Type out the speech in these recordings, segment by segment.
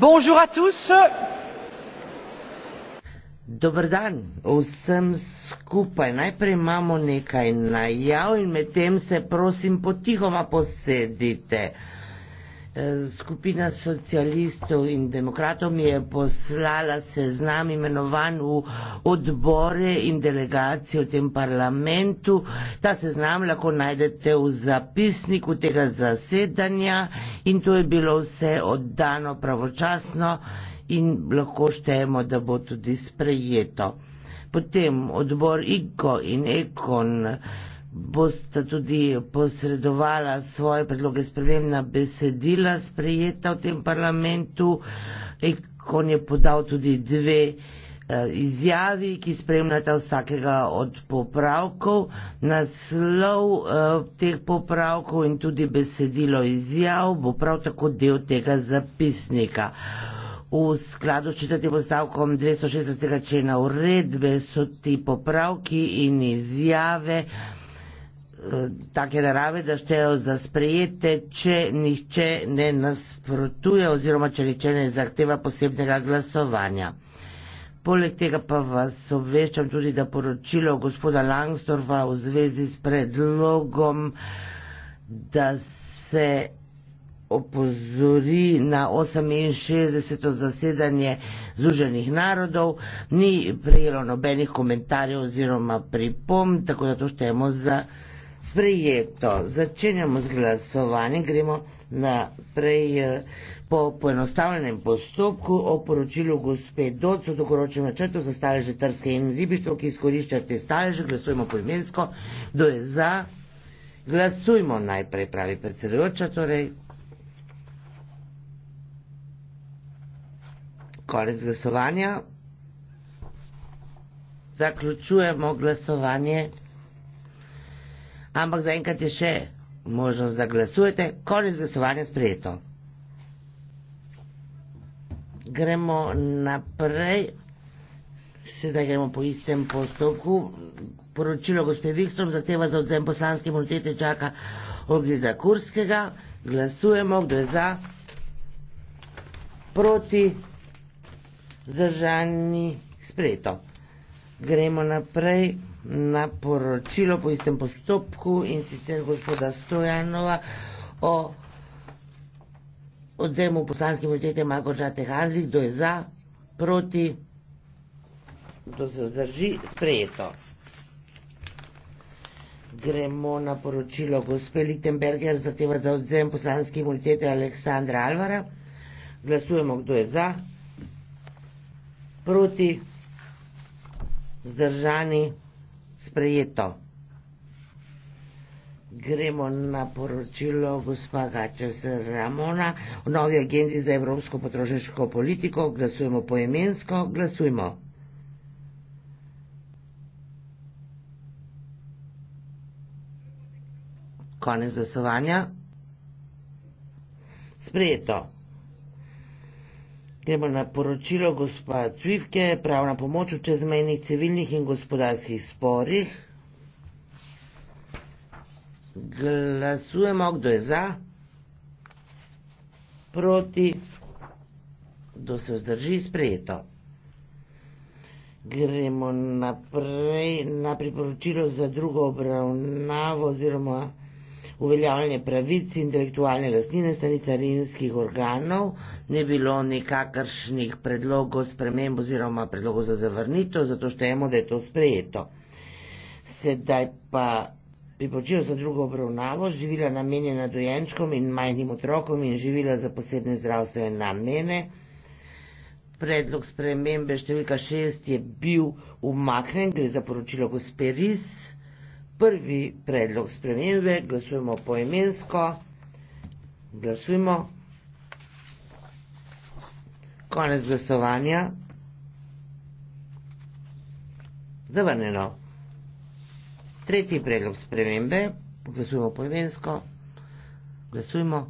Bonjour à tous. Dober dan vsem skupaj. Najprej imamo nekaj najav in medtem se prosim potihoma posedite. Uh, skupina socialistov in demokratov mi je poslala seznam imenovan v odbore in delegacije v tem parlamentu. Ta seznam lahko najdete v zapisniku tega zasedanja in to je bilo vse oddano pravočasno in lahko štejemo, da bo tudi sprejeto. Potem odbor IKO in EKON bosta tudi posredovala svoje predloge spremembna besedila sprejeta v tem parlamentu. Ekon je podal tudi dve eh, izjavi, ki spremljata vsakega od popravkov. Naslov eh, teh popravkov in tudi besedilo izjav bo prav tako del tega zapisnika. V skladu s četrtim postavkom 260. člena uredbe so ti popravki in izjave take narave, da štejo za sprejete, če nihče ne nasprotuje oziroma če nihče ne zahteva posebnega glasovanja. Poleg tega pa vas obveščam tudi, da poročilo gospoda Langstorfa v zvezi s predlogom, da se opozori na 68. zasedanje Združenih narodov, ni prejelo nobenih komentarjev oziroma pripom, tako da to štejemo za sprejeto. Začenjamo z glasovanjem, gremo naprej eh, po poenostavljenem postopku o poročilu gospe Docu, dokoročeno načrtu za staleže Trske in ribištvo, ki izkoriščate staleže, glasujemo poimensko, kdo je za. Glasujmo najprej, pravi predsedujoča, torej. Konec glasovanja. Zaključujemo glasovanje ampak zaenkrat je še možnost, da glasujete. Konec glasovanja sprejeto. Gremo naprej. Sedaj gremo po istem postopku. Poročilo gospe Vikstrom zahteva za odzem poslanske imunitete čaka Ogljeda Kurskega. Glasujemo, kdo je za, proti, zdržani, sprejeto. Gremo naprej na poročilo po istem postopku in sicer gospoda Stojanova o odzemu poslanske imunitete Marko Čate Hanzi, kdo je za, proti, kdo se vzdrži, sprejeto. Gremo na poročilo gospe Lichtenberger, zahteva za odzem poslanske imunitete Aleksandra Alvara. Glasujemo, kdo je za, proti, vzdržani, sprejeto. Gremo na poročilo gospa Gačes Ramona v novi agendi za evropsko potrošniško politiko. Glasujemo poemensko, glasujmo. Konec glasovanja. Sprejeto. Gremo na poročilo gospa Cvivke, pravna pomoč v čezmejnih civilnih in gospodarskih sporih. Glasujemo, kdo je za, proti, kdo se vzdrži, sprejeto. Gremo naprej na priporočilo za drugo obravnavo oziroma uveljavljanje pravic intelektualne lastnine strani carinskih organov, ne bilo nekakršnih predlogov sprememb oziroma predlogov za zavrnitev, zato štejemo, da je to sprejeto. Sedaj pa priporočil za drugo obravnavo živila namenjena dojenčkom in majhnim otrokom in živila za posebne zdravstvene namene. Predlog spremembe številka 6 je bil umaknen, gre za poročilo gospe Ris prvi predlog spremembe, glasujemo poimensko, glasujemo, konec glasovanja, zavrnjeno. Tretji predlog spremembe, glasujemo poimensko, glasujemo,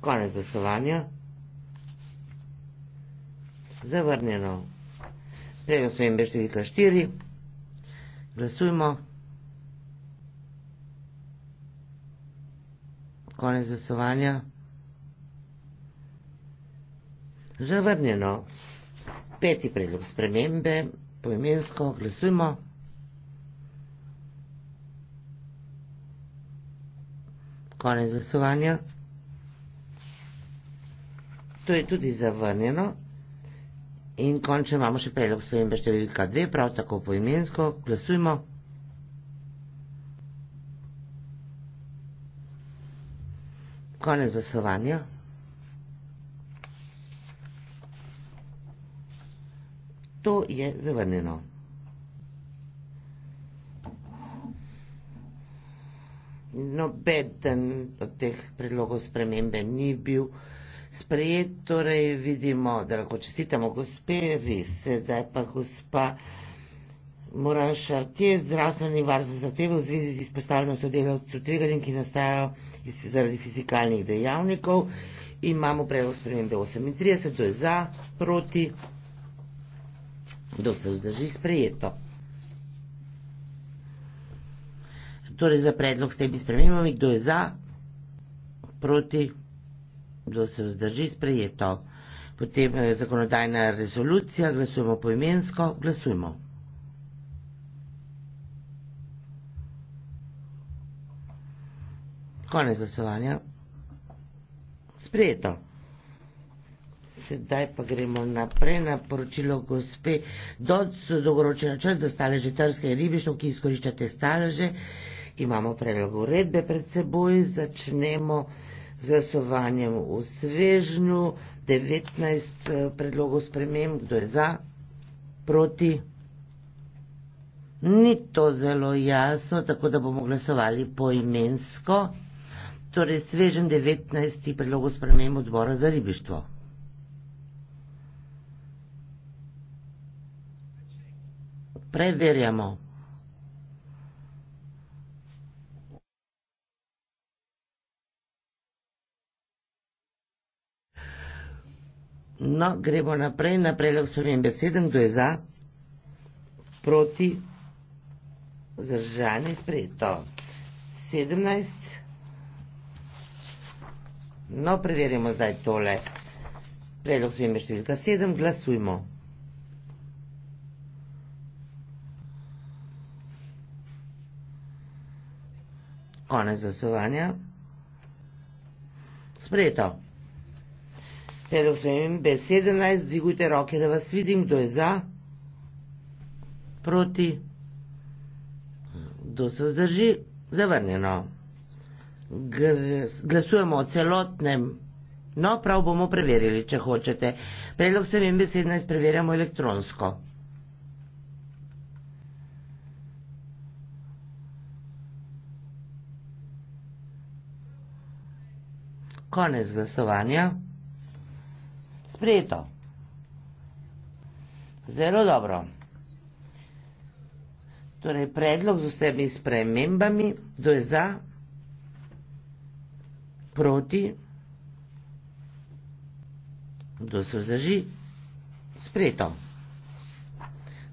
konec glasovanja, zavrnjeno. Sprejo so imbe številka štiri. Glasujmo. Konec zasovanja. Zavrnjeno. Peti predlog spremembe. Poimensko glasujmo. Konec zasovanja. To je tudi zavrnjeno. In končno imamo še predlog spremembe številka 2, prav tako poimensko. Glasujmo. Konec zasovanja. To je zavrnjeno. No, beden od teh predlogov spremembe ni bil sprejet, torej vidimo, da lahko čestitamo gospe, res se, da je pa gospa Moranša, ti je zdravstveni varstvo za tebe v zvezi z izpostavljenostjo delavcev tveganjem, ki nastajajo iz, zaradi fizikalnih dejavnikov. Imamo predlog spremembe 38, to je za, proti, kdo se vzdrži, sprejeto. Torej za predlog s temi spremembami, kdo je za, proti kdo se vzdrži, sprejeto. Potem je eh, zakonodajna resolucija, glasujemo poimensko, glasujemo. Konec glasovanja. Sprejeto. Sedaj pa gremo naprej na poročilo gospe. Dod so dogoročeno črt za staleže trske in ribištov, ki izkoriščate staleže. Imamo predlog uredbe pred seboj. Začnemo glasovanjem v svežnju 19 eh, predlogov sprememb, kdo je za, proti. Ni to zelo jasno, tako da bomo glasovali poimensko. Torej, svežen 19. predlogu spremem odbora za ribištvo. Preverjamo. No, gremo naprej. Na predlog so mi besedem, kdo je za, proti, zdržanje, sprejeto. 17. No, preverjamo zdaj tole. Predlog so mi številka 7, glasujmo. Konec zasovanja. Sprejeto. Preosvemim B17, dvigujte roke, da vas vidim, kdo je za, proti, kdo se vzdrži, zavrnjeno. Glasujemo o celotnem, no prav bomo preverili, če hočete. Predlog svemim B17 preverjamo elektronsko. Konec glasovanja sprejeto. Zelo dobro. Torej, predlog z vsemi spremembami, kdo je za, proti, kdo se vzdrži, sprejeto.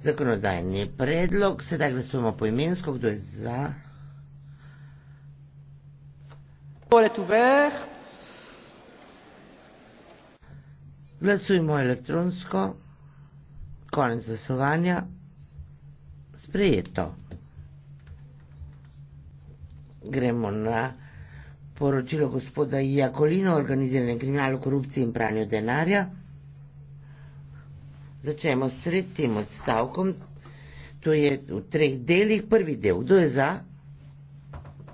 Zakonodajni predlog, sedaj glasujemo po imensko, kdo je za. Pour être ouvert. Glasujmo elektronsko. Konec glasovanja. Sprejeto. Gremo na poročilo gospoda Jakolino o organiziranem kriminalu, korupciji in pranju denarja. Začnemo s tretjim odstavkom. To je v treh delih. Prvi del. Kdo je za?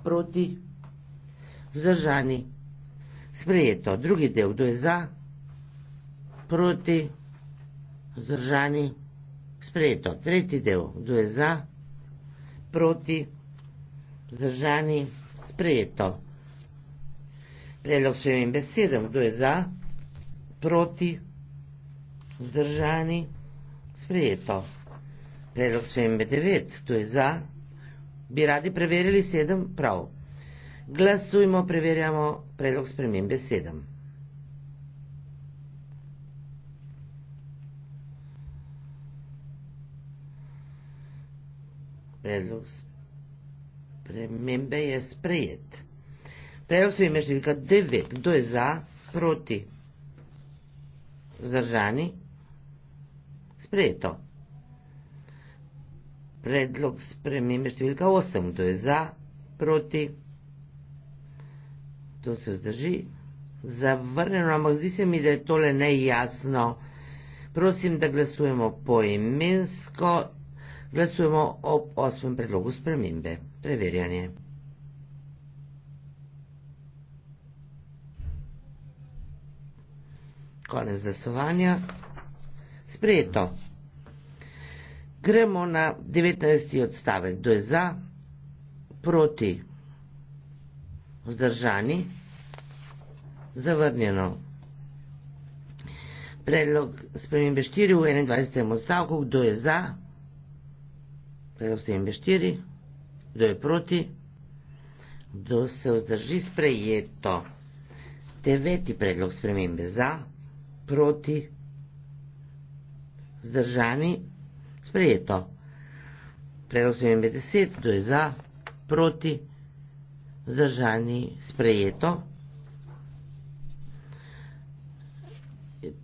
Proti? Vzdržani? Sprejeto. Drugi del. Kdo je za? Proti? proti, vzdržani, sprejeto. Tretji del, kdo je za, proti, vzdržani, sprejeto. Predlog svojim besedem, kdo je za, proti, vzdržani, sprejeto. Predlog svojim be devet, kdo je za, bi radi preverili sedem prav. Glasujmo, preverjamo predlog spremembe sedem. predlog spremembe je sprejet. Predlog spremembe številka 9. Kdo je za, proti, zdržani? Sprejeto. Predlog spremembe številka 8. Kdo je za, proti, kdo se vzdrži? Zavrnjeno, ampak zdi se mi, da je tole nejasno. Prosim, da glasujemo poimensko glasujemo ob osmem predlogu spremembe. Preverjanje. Konec glasovanja. Sprejeto. Gremo na 19. odstavek. Kdo je za? Proti? Vzdržani? Zavrnjeno. Predlog spremembe 4 v 21. odstavku. Kdo je za? Proti? Kdo se jim je štiri, kdo je proti, kdo se vzdrži sprejeto. Deveti predlog spremembe za, proti, vzdržani, sprejeto. Predlog spremembe deset, kdo je za, proti, vzdržani, sprejeto.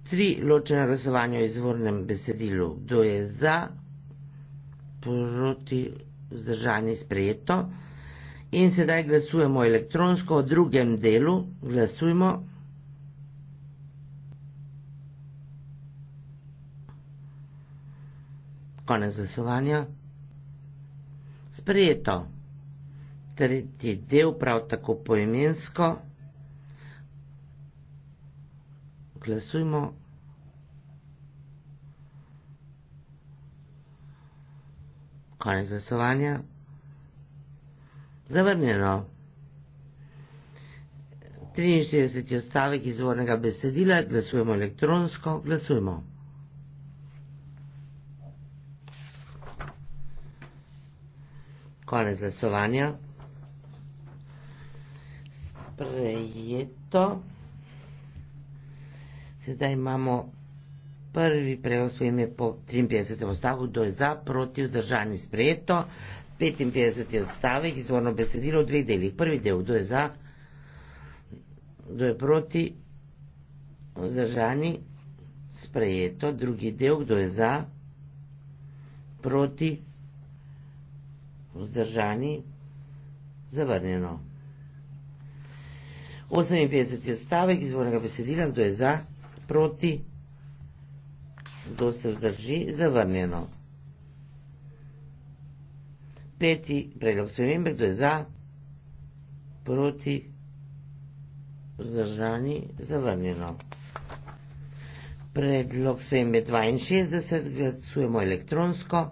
Tri ločena glasovanja o izvornem besedilu, kdo je za, proti vzdržanje sprejeto. In sedaj glasujemo elektronsko o drugem delu. Glasujmo. Konec glasovanja. Sprejeto. Tretji del prav tako poimensko. Glasujmo. Konec glasovanja. Zavrnjeno. 43. odstavek izvornega besedila. Glasujemo elektronsko. Glasujemo. Konec glasovanja. Sprejeto. Sedaj imamo prvi prevoz v ime po 53. odstavku, kdo je za, proti, vzdržani, sprejeto. 55. odstavek, izvorno besedilo v dveh delih. Prvi del, kdo je za, kdo je proti, vzdržani, sprejeto. Drugi del, kdo je za, proti, vzdržani, zavrnjeno. 58. odstavek izvornega besedila, kdo je za, proti, vzdržani. Kdo se vzdrži, zavrnjeno. Peti predlog spremembe, kdo je za, proti, vzdržani, zavrnjeno. Predlog spremembe 62, glasujemo elektronsko.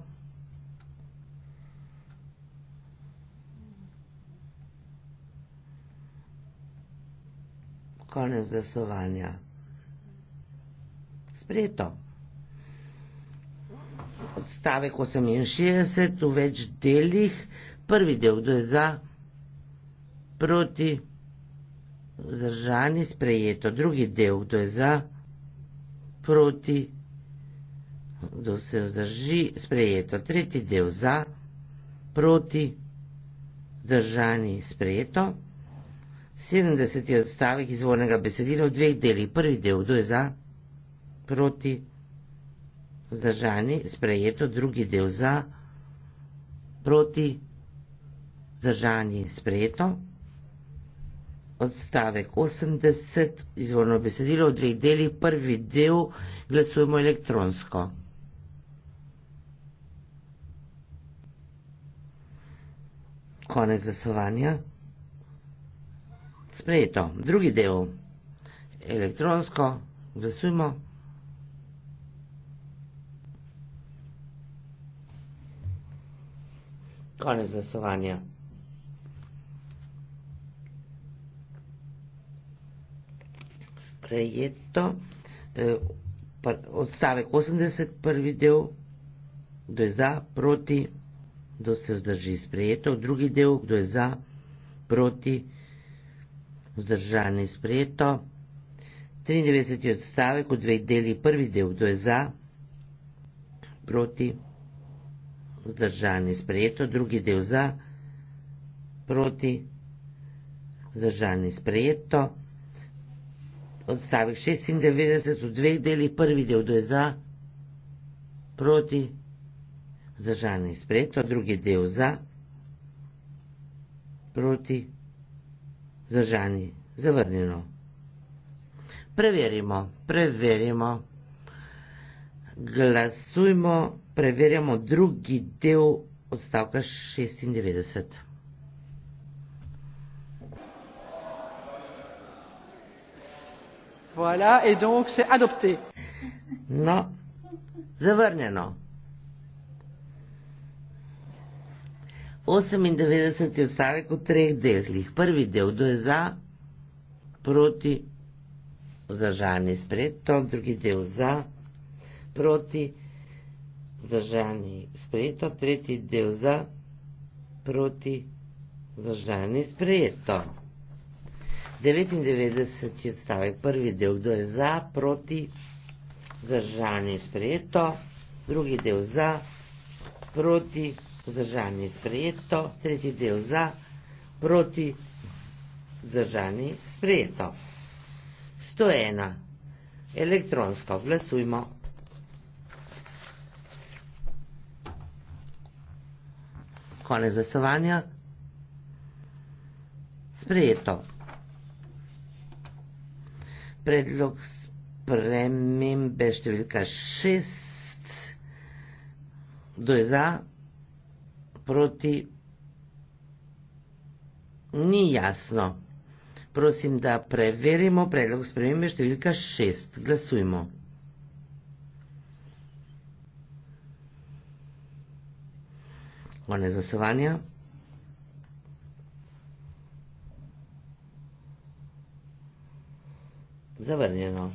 Konec glasovanja. Sprejeto stavek 68 v več delih. Prvi del, kdo je za, proti, vzdržani, sprejeto. Drugi del, kdo je za, proti, kdo se vzdrži, sprejeto. Tretji del, za, proti, vzdržani, sprejeto. 70. odstavek izvornega besedila v dveh delih. Prvi del, kdo je za, proti, vzdržani vzdržani, sprejeto, drugi del za, proti, vzdržani, sprejeto. Odstavek 80, izvorno besedilo v dveh delih, prvi del glasujemo elektronsko. Konec glasovanja. Sprejeto. Drugi del. Elektronsko. Glasujmo. Konec glasovanja. Sprejeto. E, odstavek 80, prvi del, kdo je za, proti, kdo se vzdrži. Sprejeto. Drugi del, kdo je za, proti, vzdržani. Sprejeto. 93. odstavek v dveh deli, prvi del, kdo je za, proti, vzdržani vzdržani, sprejeto, drugi del za, proti, vzdržani, sprejeto, odstavek 96 v dveh delih, prvi del do je za, proti, vzdržani, sprejeto, drugi del za, proti, vzdržani, zavrnjeno. Preverimo, preverimo, glasujmo, glasujmo, preverjamo drugi del odstavka 96. Voilà, et donc c'est adopté. No, zavrnjeno. 98. odstavek v treh delih. Prvi del, kdo je za, proti, vzdržani spred, to drugi del za, proti, vzdržani, sprejeto, tretji del za, proti, vzdržani, sprejeto. 99 je odstavek, prvi del, kdo je za, proti, vzdržani, sprejeto, drugi del za, proti, vzdržani, sprejeto, tretji del za, proti, vzdržani, sprejeto. 101. Elektronsko glasujmo. Konec glasovanja. Sprejeto. Predlog spremembe številka šest. Kdo je za? Proti? Ni jasno. Prosim, da preverimo predlog spremembe številka šest. Glasujmo. Моля за съвания. Завърнено.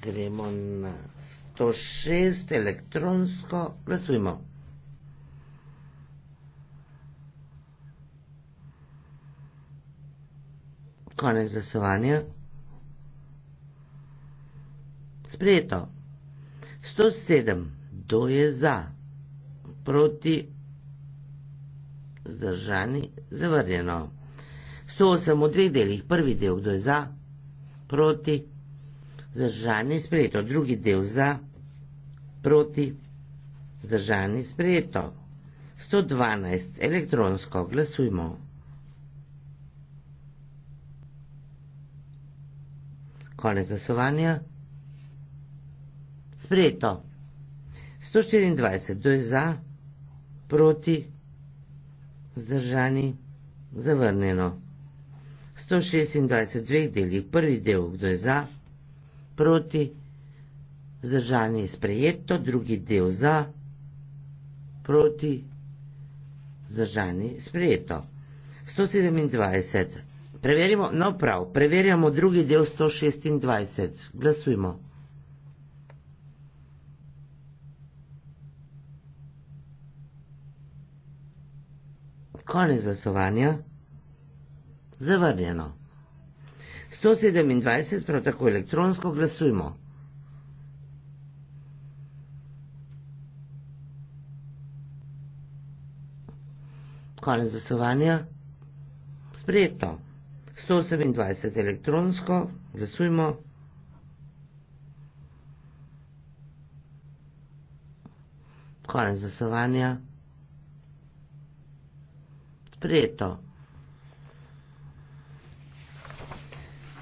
Гремо на 106 електронско. Гласуємо. Конец засування. Сприєто. 107. Доє за proti zdržani zavrnjeno. 108 v dveh delih. Prvi del, kdo je za, proti, zdržani sprejeto. Drugi del za, proti, zdržani sprejeto. 112 elektronsko glasujmo. Konec zasovanja. Sprejeto. 124 do je za proti, vzdržani, zavrnjeno. 126 dveh delih, prvi del, kdo je za, proti, vzdržani, sprejeto, drugi del za, proti, vzdržani, sprejeto. 127. Preverimo, no prav, preverjamo drugi del 126. Glasujmo. Konec glasovanja. Zavrnjeno. 127, prav tako elektronsko glasujmo. Konec glasovanja. Sprejeto. 128 elektronsko, glasujmo. Konec glasovanja spreto.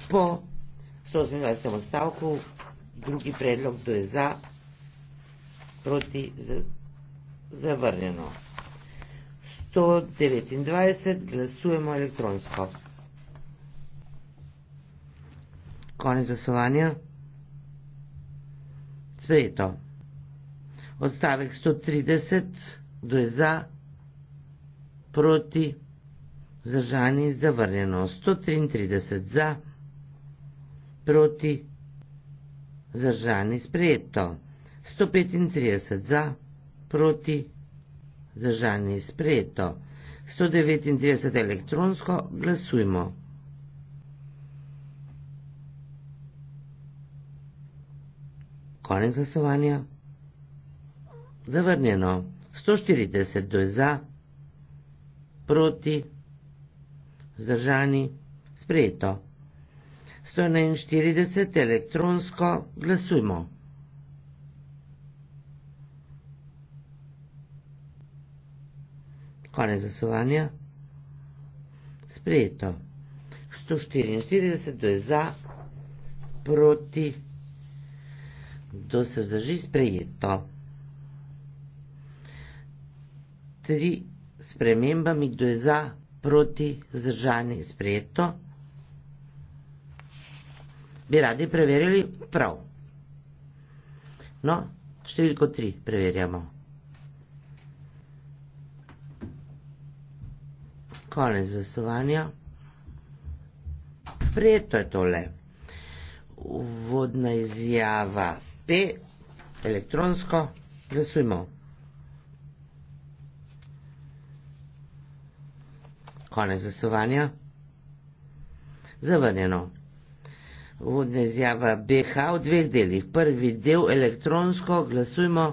Po 128. stavku drugi predlog, kdo je za, proti, zavrnjeno. 129. glasujemo elektronsko. Konec glasovanja. Sprejeto. Odstavek 130, kdo je za, proti, zavrnjeno proti, zdržani in zavrnjeno, 133 za, proti, zdržani, sprejeto, 135 za, proti, zdržani, sprejeto, 139 elektronsko, glasujmo. Konec glasovanja. Zavrnjeno. 140 do je za, proti, vzdržani, sprejeto. 141 elektronsko glasujmo. Konec glasovanja. Sprejeto. 144 je za, proti, kdo se vzdrži, sprejeto. 3 spremembami, kdo je za, proti, zdržani, sprejeto, bi radi preverili prav. No, številko tri preverjamo. Konec zasovanja. Sprejeto je tole. Uvodna izjava P, elektronsko, glasujmo. Konec glasovanja. Zavrnjeno. Vodne izjava BH v dveh delih. Prvi del elektronsko glasujmo.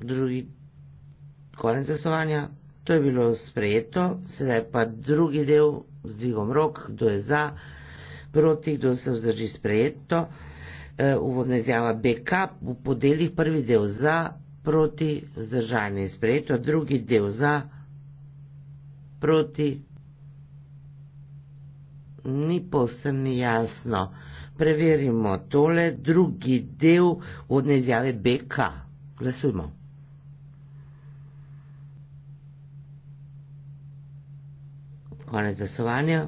Drugi konec glasovanja. To je bilo sprejeto. Sedaj pa drugi del z dvigom rok. Kdo je za? Proti, kdo se vzdrži sprejeto? Eh, uvodna izjava BK v podelih prvi del za, proti, vzdržanje in sprejeto, drugi del za, proti, ni povsem jasno. Preverimo tole, drugi del uvodne izjave BK. Glasujmo. Konec zasovanja.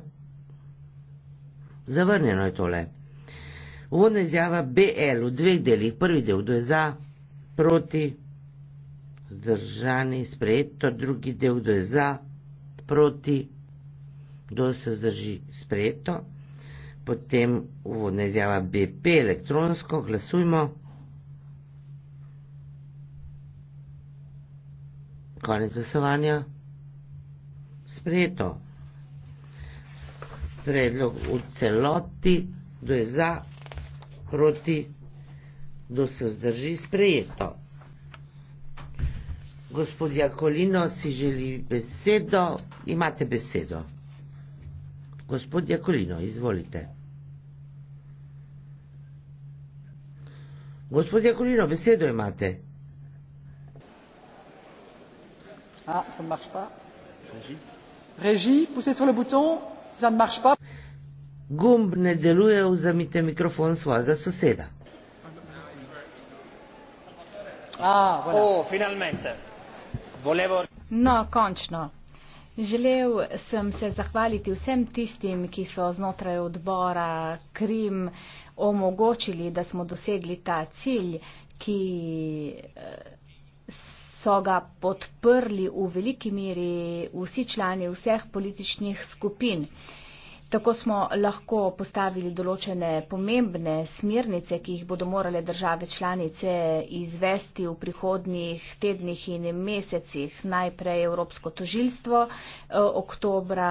Zavrnjeno je tole. Vodna izjava BL v dveh delih, prvi del, kdo je za, proti, zdržani, sprejeto, drugi del, kdo je za, proti, kdo se zdrži, sprejeto. Potem vodna izjava BP elektronsko, glasujmo. Konec zasovanja. Sprejeto. Predlog v celoti, kdo je za, proti, kdo se vzdrži, sprejeto. Gospod Jakolino si želi besedo, imate besedo. Gospod Jakolino, izvolite. Gospod Jakolino, besedo imate. A, ah, ça ne marche pas. Régie. Régie, poussez sur le bouton, ça ne marche pas gumb ne deluje, vzamite mikrofon svojega soseda. Ah, oh, Volevo... No, končno. Želel sem se zahvaliti vsem tistim, ki so znotraj odbora Krim omogočili, da smo dosegli ta cilj, ki eh, so ga podprli v veliki meri vsi člani vseh političnih skupin. Uh, Tako smo lahko postavili določene pomembne smernice, ki jih bodo morale države članice izvesti v prihodnih tednih in mesecih. Najprej Evropsko tožilstvo eh, oktobra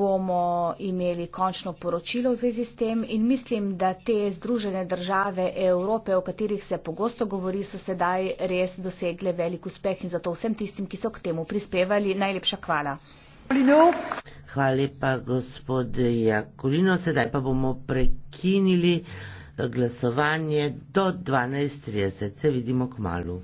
bomo imeli končno poročilo v zvezi s tem in mislim, da te združene države Evrope, o katerih se pogosto govori, so sedaj res dosegle velik uspeh in zato vsem tistim, ki so k temu prispevali, najlepša hvala. Hvala lepa, gospod Jakulino. Sedaj pa bomo prekinili glasovanje do 12.30. Se vidimo k malu.